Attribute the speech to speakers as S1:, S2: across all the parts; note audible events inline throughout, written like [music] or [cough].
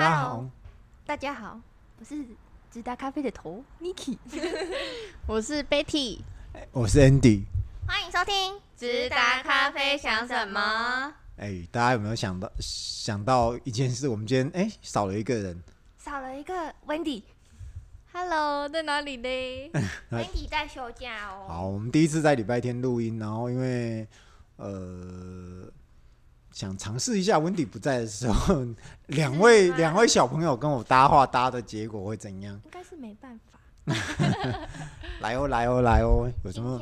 S1: 大家好，大家好，我是直達咖啡的頭 Niki， [laughs] 我是 Betty，我是 Andy，歡迎收聽直達咖啡想什麼。哎、欸，大家有沒有想到想到一件事？我們今天哎、欸、少了一個人，少了一個 Wendy。Hello，在哪裡呢 [laughs] ？Wendy 在休假哦。好，我們第一次在禮拜天錄音，然後因為呃。想嘗試一下，溫迪不在的時候，兩位兩位小朋友跟我搭話搭的結果會怎樣？應該是沒辦法。 [laughs] [laughs] 來哦，來哦，來哦！有什麼？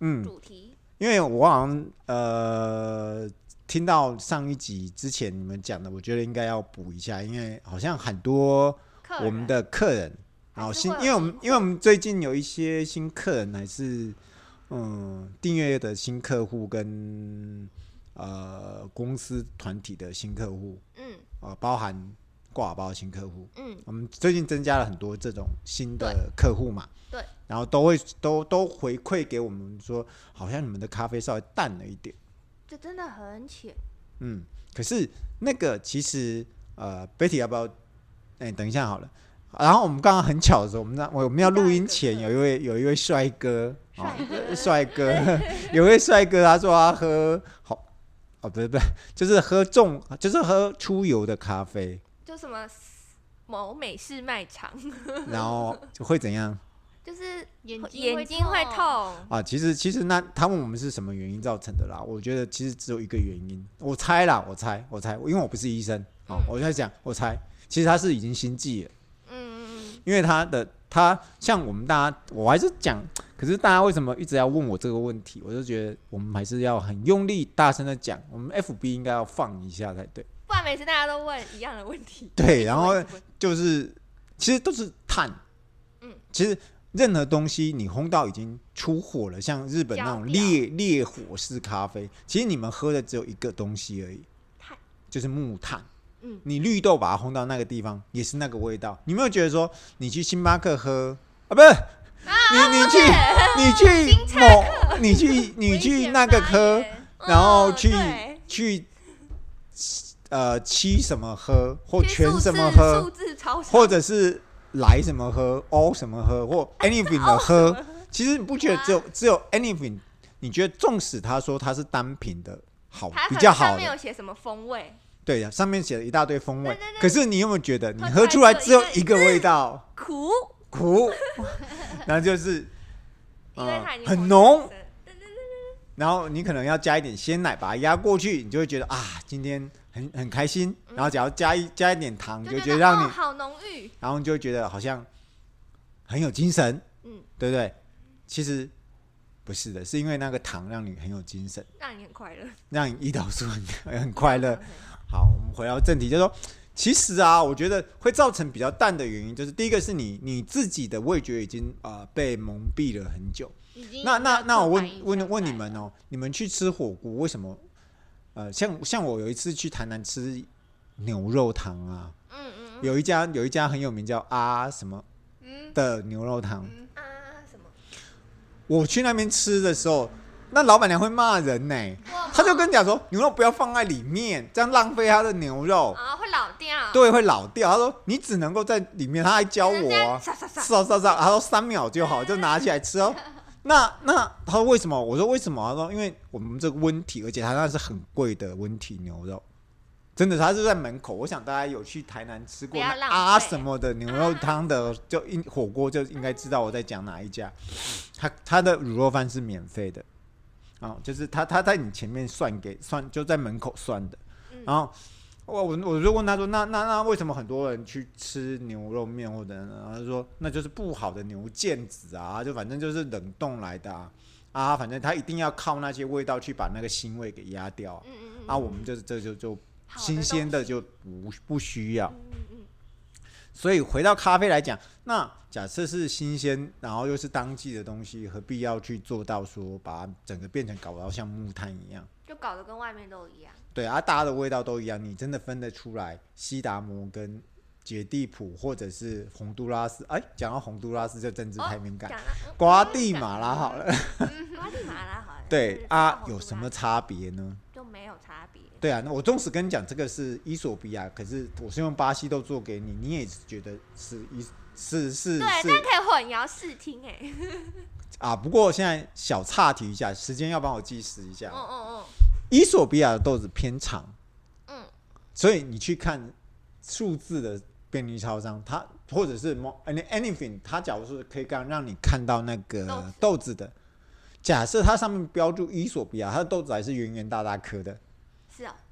S1: 嗯，主題、嗯。因為我好像呃聽到上一集之前你們講的，我覺得應該要補一下，因為好像很多我們的客人，客人然後新，因為我們因為我們最近有一些新客人，還是嗯訂閱的新客戶跟。呃，公司團體的新客戶，嗯，呃，包含掛包新客戶，嗯，我們最近增加了很多這種新的客戶嘛，對，對，然後都會都都回饋給我們說，好像你們的咖啡稍微淡了一點，這真的很淺，嗯，可是那個其實呃，Betty 要不要？哎、欸，等一下好了，啊、然後我們剛剛很巧的時候，我們那我我們要錄音前有一位有一位帥哥，帥哥，帥哥，有一位帥哥，哦、帥哥 [laughs] 帥哥他說他喝好。哦，不是不是。就是喝重，就是喝出油的咖啡，就什麼某美式賣場， [laughs] 然後就會怎樣？就是眼睛眼睛會痛啊。其實其實那他問我們是什麼原因造成的啦，我覺得其實只有一個原因，我猜啦，我猜我猜，我猜，因為我不是醫生啊，哦，我就在想， [laughs] 我猜，其實他是已經心悸了，嗯嗯嗯，因為他的他像我們大家，我還是講。可是大家為什麼一直要問我這個問題？我就覺得我們還是要很用力、大聲的講。我們 FB 應該要放一下才對，不然每次大家都問一樣的問題。對，然後就是其實都是碳。嗯，其實任何東西你烘到已經出火了，像日本那種烈飄飄、烈火式咖啡，其實你們喝的只有一個東西而已，碳，就是木炭。嗯，你綠豆把它烘到那個地方，也是那個味道。你沒有覺得說你去星巴克喝啊？不是。啊、你你去你去某你去你去那個喝，然後去、啊、去呃七什麼喝或全什麼喝數字超，或者是來什麼喝哦什麼喝或 anything 的喝、啊哦、喝。其實你不覺得只有只有 anything？、啊、你覺得縱使他說他是單品的好比較好，沒有寫什麼風味。對，上面寫了一大堆風味，對對對，可是你有沒有覺得你喝出來只有一個、一個、一個、一個味道？苦苦。那就是、呃，很濃。然後你可能要加一點鮮奶把它壓過去，你就會覺得啊，今天很很開心。然後只要加一加一點糖，就覺得讓你好濃郁。然後你就會覺得好像很有精神，嗯，對不對？其實不是的，是因為那個糖讓你很有精神，讓你很快樂，讓你胰島素很很快樂。好，我們回到正題，就是說。其實啊，我覺得會造成比較淡的原因，就是第一個是你你自己的味覺已經啊、呃、被蒙蔽了很久。已經那那那我問問問你們哦，你們去吃火鍋為什麼？呃，像像我有一次去台南吃牛肉湯啊，嗯嗯，有一家有一家很有名叫阿什麼的牛肉湯，嗯嗯啊、什麼，我去那邊吃的時候，那老板娘會罵人呢，他就跟你講說牛肉不要放在裡面，這樣浪費他的牛肉。啊對，會老掉。他說：“你只能夠在裡面。”他還教我、啊，唰唰唰，唰唰、啊、他說：“三秒就好，就拿起來吃哦。 [laughs] 那”那那他說：“為什麼？”我說：“為什麼？”他說：“因為我們這個溫體，而且它那是很貴的溫體牛肉，真的。他是在門口。我想大家有去台南吃過啊什麼的牛肉湯的， [laughs] 就應火鍋就應該知道我在講哪一家。他、嗯、他的滷肉飯是免費的啊，就是他他在你前面算給算，就在門口算的，然後。嗯”我我就問他說，那那那為什麼很多人去吃牛肉麵或者？他說，那就是不好的牛腱子啊，就反正就是冷凍來的啊，啊反正他一定要靠那些味道去把那個腥味給壓掉。嗯啊，啊我們這這就就，就，就，就新鮮的就不不需要。所以回到咖啡來講，那假設是新鮮，然後又是當季的東西，何必要去做到說把它整個變成搞到像木炭一樣？就搞得跟外面都一樣。對啊，大家的味道都一樣，你真的分得出來？西達摩跟杰地普，或者是洪都拉斯？哎、欸，講到洪都拉斯就政治太敏感、哦嗯，瓜地馬拉好了， [laughs] 瓜地馬拉好了。 [laughs] 對、就是、啊，啊有什麼差別呢？就沒有差別。對啊，那我忠實跟你講，這個是伊索比亞，可是我是用巴西豆做給你，你也是覺得是一是是,是對是，但可以混淆視聽哎、欸。 [laughs] 啊，不過現在小岔題一下，時間要幫我計時一下。哦哦哦，伊索比亞的豆子偏長，嗯，所以你去看數字的便利超商，它或者是某 any anything，它假如說可以剛,剛讓你看到那個豆子的豆子，假設它上面標注伊索比亞，它的豆子還是圓圓大大顆的。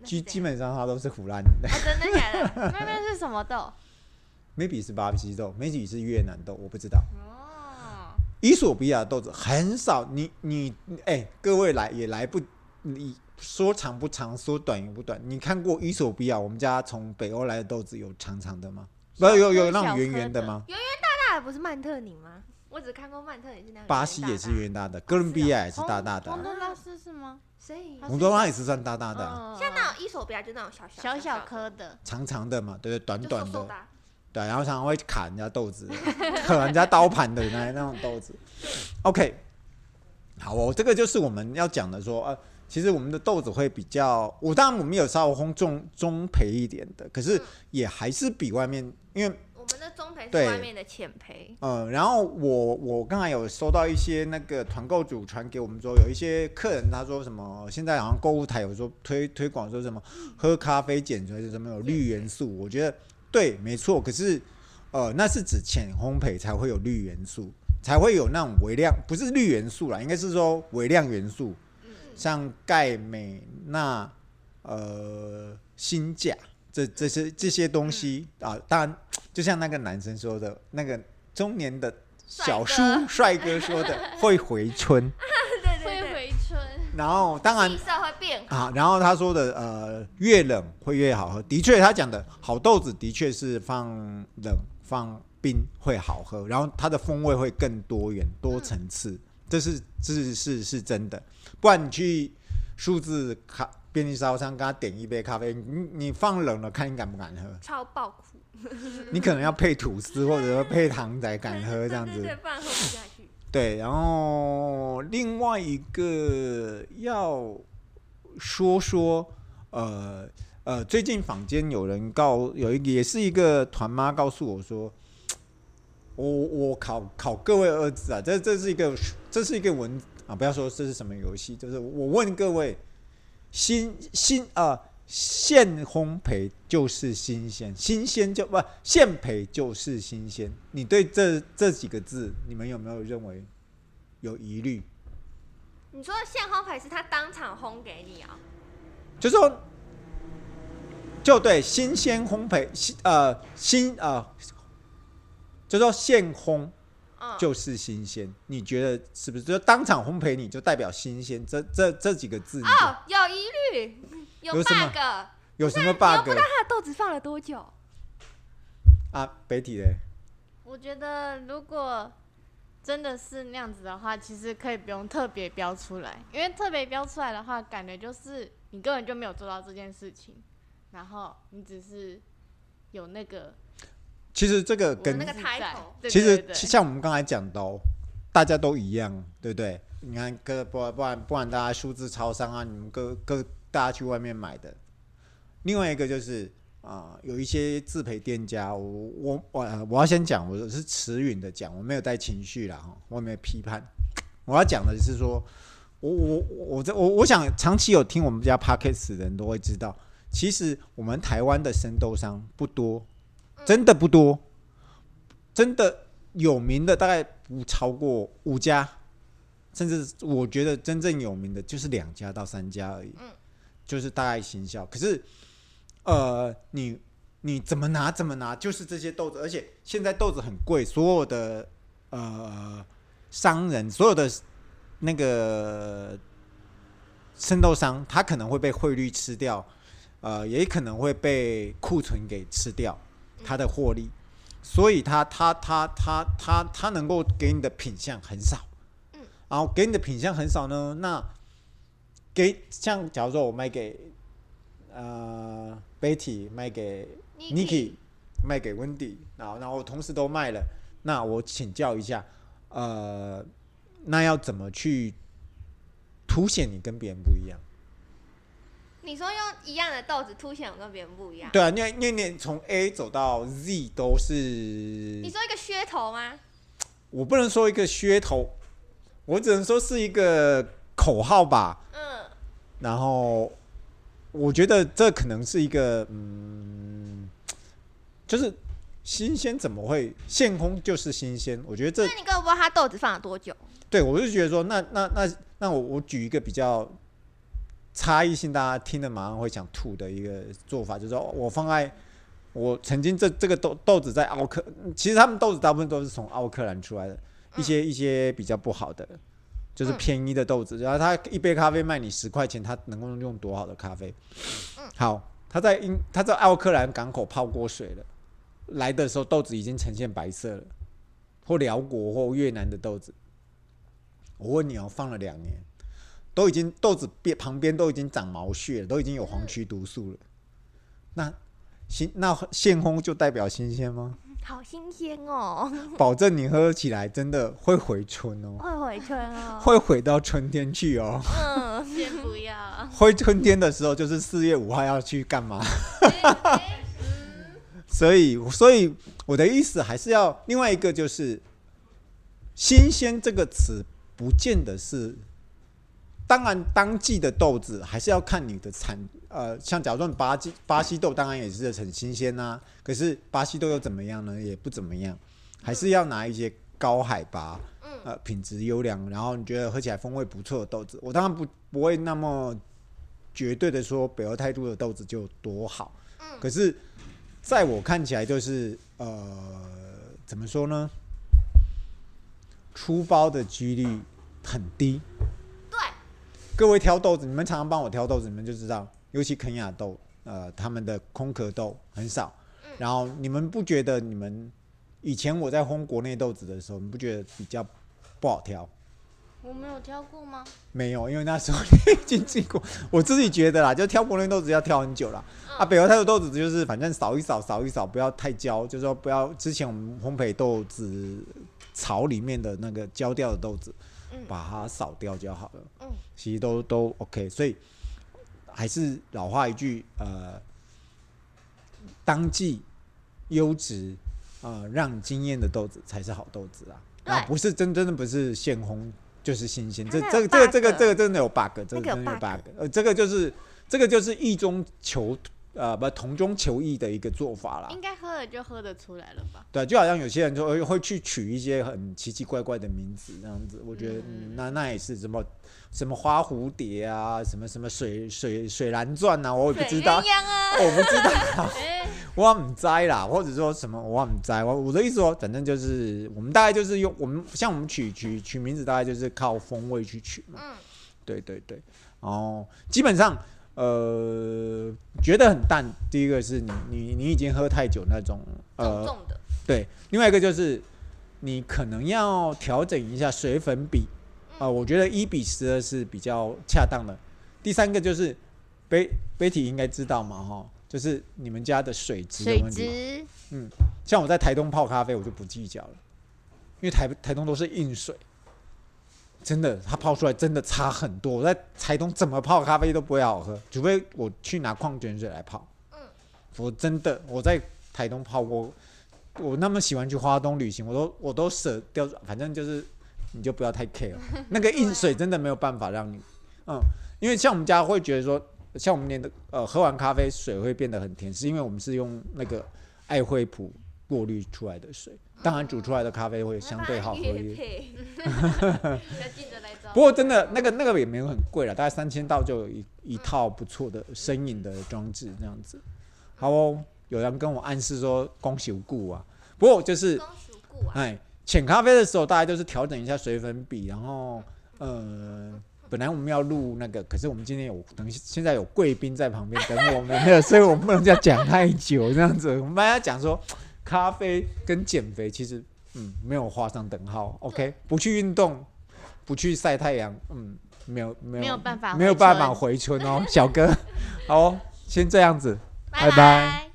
S1: 基、哦、基本上它都是腐爛的、啊。真的假的？那 [laughs] 邊是什麼豆？maybe 是巴西豆，maybe 是越南豆，我不知道。哦、oh.，伊索比亞豆子很少，你你哎、欸，各位來也來不，你說長不長，說短也不短。你看過伊索比亞？我們家從北歐來的豆子有長長的嗎？沒有，有有那種圓圓的嗎？圓圓大大的不是曼特寧嗎？我只看過曼特也是那大大，巴西也是圓大的。啊、哥倫比亞也是大大的，啊，洪都拉斯是嗎？所以洪都拉斯也也算大大的、啊。像那種衣索比亞就那種小小小小顆的、的，長長的嘛，對對、對，短短的，對，然後常常會砍人家豆子， [laughs] 砍人家刀盤的那 [laughs] 那種豆子。OK，好、哦，我這個就是我們要講的說，說、啊、呃，其實我們的豆子會比較，我當然我們有稍微烘中中培一點的，可是也還是比外面，因為。我們的中培是外面的淺培，嗯、呃，然後我我剛才有收到一些那個團購主傳給我們說，有一些客人他說什麼，現在好像購物台有說推推廣說什麼喝咖啡減肥什麼有綠元素、嗯，我覺得對，沒錯，可是呃，那是指淺烘焙才會有綠元素，才會有那種微量，不是綠元素啦，應該是說微量元素，嗯、像鈣、鎂、鈉、呃、鋅、鉀。這這些這些東西、嗯、啊，當然就像那個男生說的，那個中年的小叔帥，帥哥說的， [laughs] 會回春，對對，會回春。然後當然氣色會變好啊。然後他說的呃，越冷會越好喝。的確，他講的好豆子的確是放冷放冰會好喝，然後它的風味會更多元多層次，嗯、這是這是是真的。不然你去數字卡便利商店，給他點一杯咖啡，你你放冷了，看你敢不敢喝？超爆苦！你可能要配吐司或者，配糖仔，敢喝這樣子。對，然後另外一個要說說，呃呃，最近坊間有人告，有一個也是一個團媽告訴我說，我我考考各位兒子啊，這這是一個這是一個文啊，不要說這是什麼遊戲，就是我問各位。新新啊、呃，現烘焙就是新鮮，新鮮就不現焙就是新鮮。你對，這這幾個字，你們有沒有認為有疑慮？你說的現烘焙是他當場烘給你啊、哦？就說就對，新鮮烘焙，新呃新呃，就說現烘。哦、就是新鮮，你覺得是不是？就當場烘焙，你就代表新鮮。這這這幾個字哦，有疑慮，有 bug，有什麼，有什麼 bug？不知道他的豆子放了多久啊？北體的，我覺得如果真的是那樣子的話，其實可以不用特別標出來，因為特別標出來的話，感覺就是你根本就沒有做到這件事情，然後你只是有那個。其實這個跟其實像我們剛才講到、哦，大家都一樣，對不對？你看，不不不然不然，不然大家數字超商啊，你們各各大家去外面買的。另外一個就是啊、呃，有一些自培店家，我我我、呃、我要先講，我是持平地講，我沒有帶情緒啦，我也沒有批判。我要講的就是說，我我我這我我想長期有聽我們家 Podcast 的人都會知道，其實我們台灣的生豆商不多。真的不多，真的有名的大概不超過五家，甚至我覺得真正有名的就是兩家到三家而已，就是大概行銷。可是，呃，你你怎麼拿怎麼拿，就是這些豆子，而且現在豆子很貴，所有的呃商人所有的那個生豆商，他可能會被匯率吃掉，呃，也可能會被庫存給吃掉他的獲利，所以他他他他他他，他能夠給你的品項很少，嗯，然後給你的品項很少呢，那給像假如說我賣給呃 Betty，賣給 Niki，賣給 Wendy，然後然後我同時都賣了，那我請教一下，呃，那要怎麼去凸顯你跟別人不一樣？你說用一樣的豆子凸顯我跟別人不一樣？對啊，念念念從 A 走到 Z 都是。你說一個噱頭嗎？我不能說一個噱頭，我只能說是一個口號吧。嗯。然後我覺得這可能是一個，嗯，就是新鮮，怎麼會現烘就是新鮮？我覺得這。那你根本不知道他豆子放了多久？對，我就覺得說，那那那那我我舉一個比較。差異性，大家聽了馬上會想吐的一個做法，就是說我放在我曾經這這個豆豆子在奧克，其實他們豆子大部分都是從奧克蘭出來的，一些一些比較不好的，就是便宜的豆子，然後他一杯咖啡賣你十塊錢，他能夠用多好的咖啡？好，他在英他在奧克蘭港口泡過水了，來的時候豆子已經呈現白色了，或寮國或越南的豆子，我問你哦，放了兩年。都已經豆子邊旁邊都已經長毛屑了，都已經有黃麴毒素了。那新那現烘就代表新鮮嗎？好新鮮哦！保證你喝起來真的會回春哦，會回春哦，會回到春天去哦。嗯，先不要。回春天的時候就是四月五號要去幹嘛？ [laughs] 所以，所以我的意思還是要另外一個，就是新鮮這個詞不見得是。當然，當季的豆子還是要看你的產，呃，像假如說巴西巴西豆，當然也是很新鮮啊，可是巴西豆又怎麼樣呢？也不怎麼樣，還是要拿一些高海拔、呃、品質優良，然後你覺得喝起來風味不錯的豆子。我當然不不會那麼絕對的說北歐態度的豆子就多好，可是在我看起來，就是呃，怎麼說呢？出包的幾率很低。各位挑豆子，你們常常幫我挑豆子，你們就知道，尤其肯亞豆，呃，他們的空殼豆很少，嗯。然後你們不覺得你們以前我在烘國內豆子的時候，你不覺得比較不好挑？我沒有挑過嗎？沒有，因為那時候你已經經過。我自己覺得啦，就挑國內豆子要挑很久啦。嗯、啊。北歐泰的豆子就是反正掃一掃掃一掃，不要太焦，就是，說不要之前我們烘焙豆子槽裡面的那個焦掉的豆子。把它掃掉就好了。嗯，其實都都 OK，所以還是老話一句，呃，當季優質啊，讓驚豔的豆子才是好豆子啊，啊，不是真真的不是現烘就是新鮮，這這個這個這個這個真的有 bug，這個真的有 bug，呃，這個就是這個就是意中求。呃，不，同中求異的一個做法啦。應該喝了就喝得出來了吧？對，就好像有些人就會去取一些很奇奇怪怪的名字，這樣子，嗯。我覺得，嗯、那那也是什麼什麼花蝴蝶啊，什麼什麼水水水藍鑽啊，我也不知道。啊、我不知道， [laughs] 欸、我唔知啦，或者說什麼我唔知，我我的意思說，反正就是我們大概就是用我們像我們取取取名字，大概就是靠風味去取嘛。嗯，對對對，然後基本上。呃，覺得很淡。第一個是你，你，你已經喝太久那種，呃重重，對。另外一個就是，你可能要調整一下水粉比啊、嗯呃。我覺得一比十二是比較恰當的。第三個就是，杯杯體應該知道嘛，哈，就是你們家的水質的問題。水質，嗯，像我在台東泡咖啡，我就不計較了，因為台台東都是硬水。真的，它泡出來真的差很多。我在台東怎麼泡咖啡都不會好喝，除非我去拿礦泉水來泡。嗯，我真的我在台東泡過，我那麼喜歡去花東旅行，我都我都捨掉，反正就是你就不要太 care。那個硬水真的沒有辦法讓你，嗯，因為像我們家會覺得說，像我們連的呃，喝完咖啡水會變得很甜，是因為我們是用那個愛惠浦。過濾出來的水，當然煮出來的咖啡會相對好喝一點。嗯、 [laughs] 不過真的那個那個也沒有很貴了，大概三千到就有一一套不錯的生飲的裝置這樣子。好、哦，有人跟我暗示說恭喜無故啊，不過就是、啊、哎，淺咖啡的時候大家都是調整一下水粉比，然後呃，本來我們要錄那個，可是我們今天有等，現在有貴賓在旁邊等我們的， [laughs] 所以我們不能這樣講太久 [laughs] 這樣子。我們還要講說。咖啡跟減肥其實，嗯，沒有畫上等號。OK，不去運動，不去曬太陽，嗯，沒有，沒有，沒有辦法，沒有辦法回春哦， [laughs] 小哥，好哦，先這樣子， [laughs] 拜拜。Bye bye